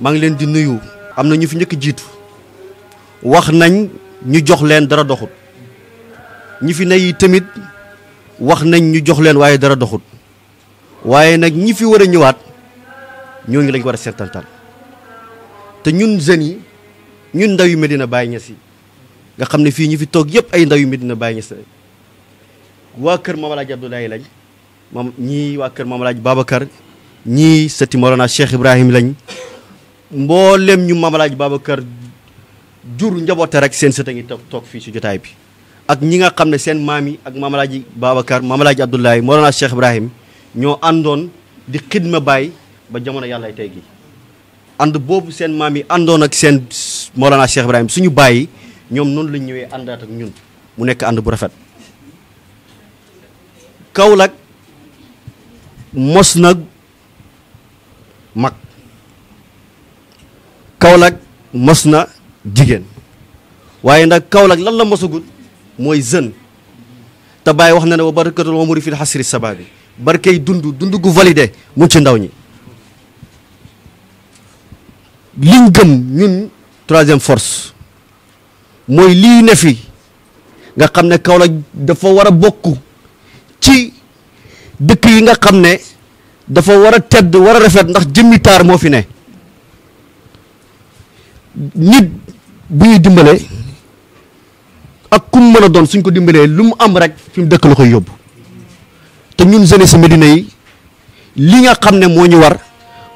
maa ngi leen di nuyu am na ñu fi njëkk jiitu wax nañ ñu jox leen dara doxut ñi fi ne yi tamit wax nañ ñu jox leen waaye dara doxut waaye nag ñi fi war a ñëwaat ñoo ñooñu lañ war a seetantal te ñun jeunes yi ñun ndaw yu Medina Baye Niass yi nga xam ne fii ñu fi toog yëpp ay ndaw yu Medina Baye Niass waa kër Mame El Hadj Abdoulaye lañ moom ñii waa kër Mame El Hadj Babacar ñii sëti Mawlana Cheikh Ibrahim lañ mboolem ñu Maam Alaaji Babacar jur njaboote rek seen sët a ngi toog toog fii si jotaay bi ak ñi nga xam ne seen maam yi ak Maam baabakar Babacar Maam Alaaji Abdoulaye Mawlana Cheikh Ibrahim ñoo àndoon di xidma baay ba jamono yàlla tey gi ànd boobu seen maam yi àndoon ak seen Mawlana Cheikh Ibrahim suñu bàyyi ñoom noonu lañ ñëwee àndaat ak ñun mu nekk ànd bu rafet Kaolack mos nag mag Kaolack mos na jigéen waaye nag Kaolack lan la mosagul mooy jeune te bàyyi wax na ne wa barakatul umri fil xasri sababi barkey dund dund gu validé mu ci ndaw ñi liñ gëm ñun troisième force mooy li ne fi nga xam ne Kaolack dafa war a bokk ci dëkk yi nga xam ne dafa war a tedd war a rafet ndax jëmmi taar moo fi ne nit bu ñuy dimbale ak kum mën a doon suñ ko dimbalee lu mu am rek fi mu dëkk la koy yóbbu te ñun jeunesse Médina yi li nga xam ne moo ñu war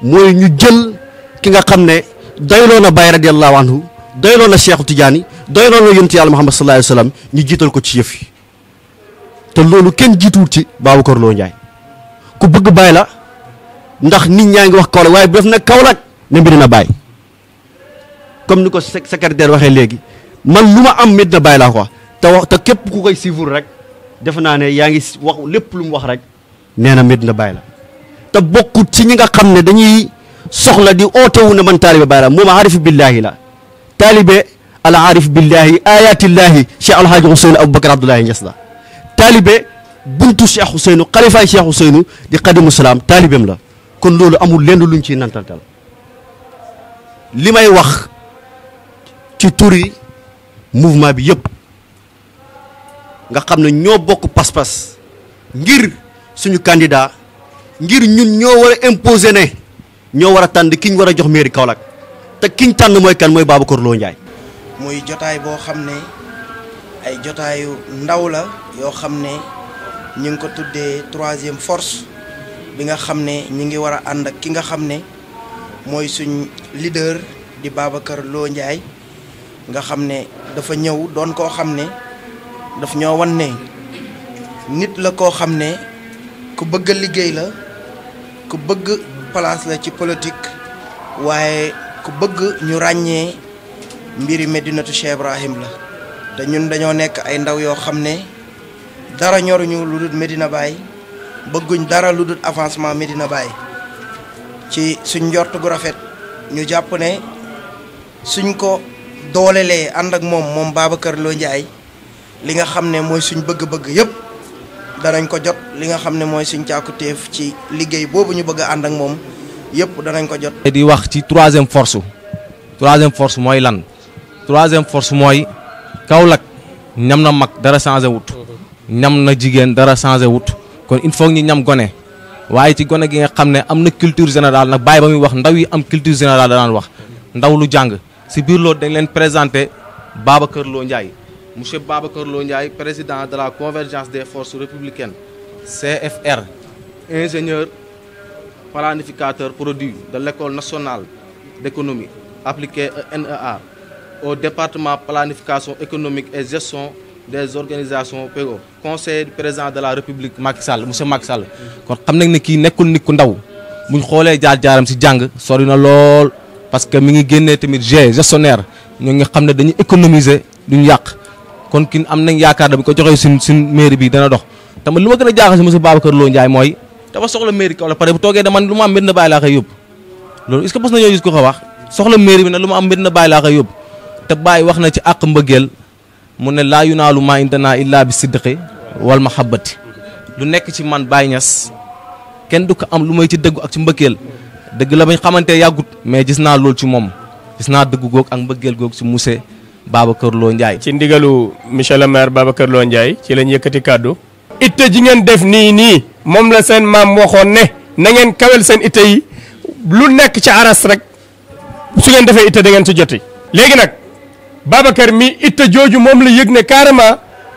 mooy ñu jël ki nga xam ne doyloo na Baye radiyallahu anhu doyloo na Cheikhu Tidiane doyloo na yonent Yàlla Muhammad sallallahu alayhi wa sallam ñu jiital ko ci yëf yi te loolu kenn jiituwul ci Babacar Lo Ndiaye ku bëgg Baye la ndax nit ñaa ngi wax Kaolack waaye bu def nag Kaolack ne na Baye comme ni ko secrétaire waxee léegi man lu ma am Medina Baye laa ko wax te képp ku koy suivre rek def naa ne yaa ngi wax lépp lu mu wax rek nee na Medina Baye la te bokkut ci ñi nga xam ne dañuy soxla di ootewu ne man taalibe Baye la moom aarif billaahi la taalibe al aarif billaahi ayatillahi Cheikh Alhaaji Ousseynou Aboubacar Abdoulaye Niass la taalibe buntu Cheikh Ousseynou xalifaay Cheikh Ousseynou di xadimu salaam taalibem la kon loolu amul lenn luñ ciy nantantal li may wax ci turi mouvement bi yëpp nga xam ne ñoo bokk pas-pas ngir suñu candidat ngir ñun ñoo war a imposer ne ñoo war a tànn kiñ ñu war a jox mairie Kaolack te kiñ ñu tànn mooy kan mooy Babacar Lo Ndiaye. muy jotaay boo xam ne ay jotaayu ndaw la yoo xam ne ñu ngi ko tuddee troisième force bi nga xam ne ñu ngi war a ànd ak ki nga xam ne mooy suñu leader di Babacar loo Ndiaye. nga xam ne dafa ñëw doon koo xam ne dafa ñoo wan ne nit la koo xam ne ku bëgg liggéey la ku bëgg place la ci politique waaye ku bëgg ñu ràññee mbiri Medinatu Cheikh Ibrahim la te ñun dañoo nekk ay ndaw yoo xam ne dara ñoruñu lu dul Medina Baye bëgguñ dara lu dul avancement Medina Baye ci suñ njort gu rafet ñu jàpp ne suñ ko doolelee ànd ak moom moom baaba kër loo Ndiaye li nga xam ne mooy suñ bëgg-bëgg yëpp danañ ko jot li nga xam ne mooy suñ càkkutéef ci liggéey boobu ñu bëgg ànd ak moom yëpp danañ ko jot. di wax ci troisième force troisième force mooy lan troisième force mooy Kaolack ñam na mag dara changé wut. ñam na jigéen dara changé wut kon il faut ñu ñam gone waaye ci gone gi nga xam ne am na culture générale nag bàyyi ba muy wax ndaw yi am culture da danaan wax ndaw lu jàng. si biir loolu dañ leen présenté Babacar Lo Ndiaye monsieur Babacar Lo Ndiaye président de la convergence des forces républicaines CFR ingénieur planificateur produit de l'école nationale d'économie appliquée NEA au département planification économique et gestion des organisations PEGO conseil du président de la république Macky Sall monsieur Macky kon xam nañ ne kii nekkul nit ku ndaw buñ xoolee jaar jaaram si jàng sori na lool parce que mi ngi génnee tamit G gestionnaire ñoo ngi xam ne dañuy économiser duñ yàq kon ki am nañ yaakaar ne bu ko joxee suñ suñ mairie bi dana dox tamit lu ma gën a jaaxal si monsieur Babacar Lo Ndiaye mooy dafa la pare bu toogee dama lu ma am mbir na bàyyi laa koy yóbbu loolu est-ce que nañoo gis ko ko wax soxla mairie bi na lu ma am mbir na bàyyi laa yóbbu te bàyyi wax na ci àq mbëggeel mu ne laa yunaalu maa indanaa illaa bi siddiqi wal mahabbati lu nekk ci man Baye Niass kenn du ko am lu may ci dëggu ak ci mbëggeel deug la bañ xamanté yàggut mais gis na loolu ci mom gis na deug gog ak mbeugel gog ci Moussé Babacar Lo ndjay ci ndigalu monsieur le maire Babacar Lo ndjay ci lañ yëkëti kàddu. ité ji ngeen def ni ni mom la seen mam ne na ngeen kawel seen ité yi lu nekk ci aras rek su ngeen defee ité da ngeen ci jotté légui nak Babacar mi ité joju mom la yëg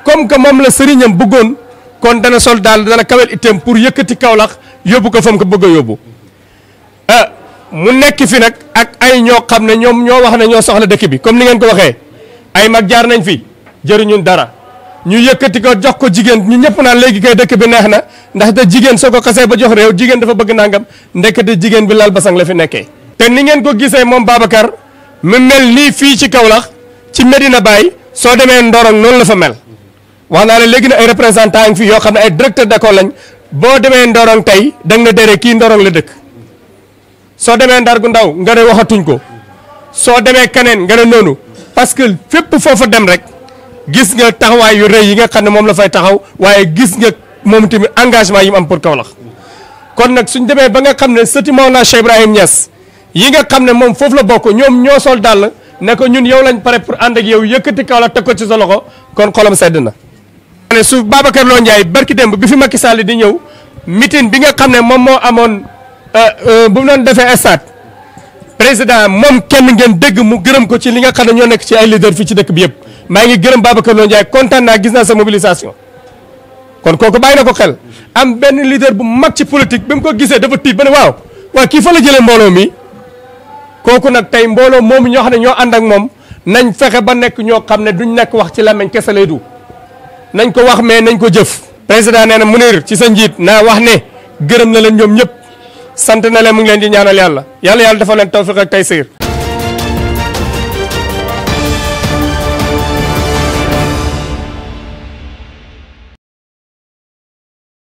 comme que mom la serignam bëggoon kon dana sol dal dana kawel itteem pour yëkëti kawlax yóbbu ko fam ko bëgg Ah, mu nekk fi nag ak ay ñoo xam ne ñoom ñoo wax ne ñoo soxla dëkk bi comme ni ngeen ko waxee ay mag jaar nañ fi jëriñun dara ñu yëkkati ko jox ko jigéen ñu ñëpp naan léegi kay dëkk bi neex na ndax te jigéen soo ko xasee ba jox réew jigéen dafa bëgg nangam ndekete jigéen bi laal basang la fi nekkee. te ni ngeen ko gisee moom Babacar mu mel nii fii ci kaw lax ci Medina Baye soo demee Ndorong noonu la fa mel wax naa ne léegi na ay représentants fi yoo xam ne ay directeur d'école lañ boo demee Ndorong tey danga na déree kii Ndorong la dëkk. so deme ndar gu ndaw nga waxatuñ ko so deme kenen nga nonu parce que fep fofu dem rek gis nga taxaway yu reey yi nga xamne mom la fay taxaw waye gis nga mom timi engagement yi am pour Kaolack kon nak suñ deme ba nga xamne ne mawla Cheikh Ibrahim Niass yi nga xamne mom fofu la bokk ñom ñoo sol ne ko ñun yow lañ paré pour and ak yow yëkëti Kaolack teg ci sa loxo kon xolam sedd na. ne su babakar Lo ndjay barki dem bi fi makissali di ñew meeting bi nga xamne mom mo amone Euh, euh, bu mu doon defee stade président moom kenn ngeen dégg mu gërëm ko ci li nga xam ne ñoo nekk ci ay leader fii ci dëkk bi yëpp maa ngi gërëm Babacar Lo Ndiaye kontaan naa gis naa sa mobilisation kon kooku bàyyi na ko xel am benn leader bu mag ci politique bi mu ko gisee dafa tiit ba ne waaw waaw kii fa la jëlee mbooloo mi kooku nag tey mbooloo moomu ñoo xam ne ñoo ànd ak moom nañ fexe ba nekk ñoo xam ne duñ nekk wax ci làmmiñ kese lay du nañ ko wax mais nañ ko jëf président nee na Mounir ci sa njiit naa wax ne gërëm na leen ñoom ñëpp sant na leen mu ngi di ñaanal yàlla yàlla yàlla dafa leen tawfiq ak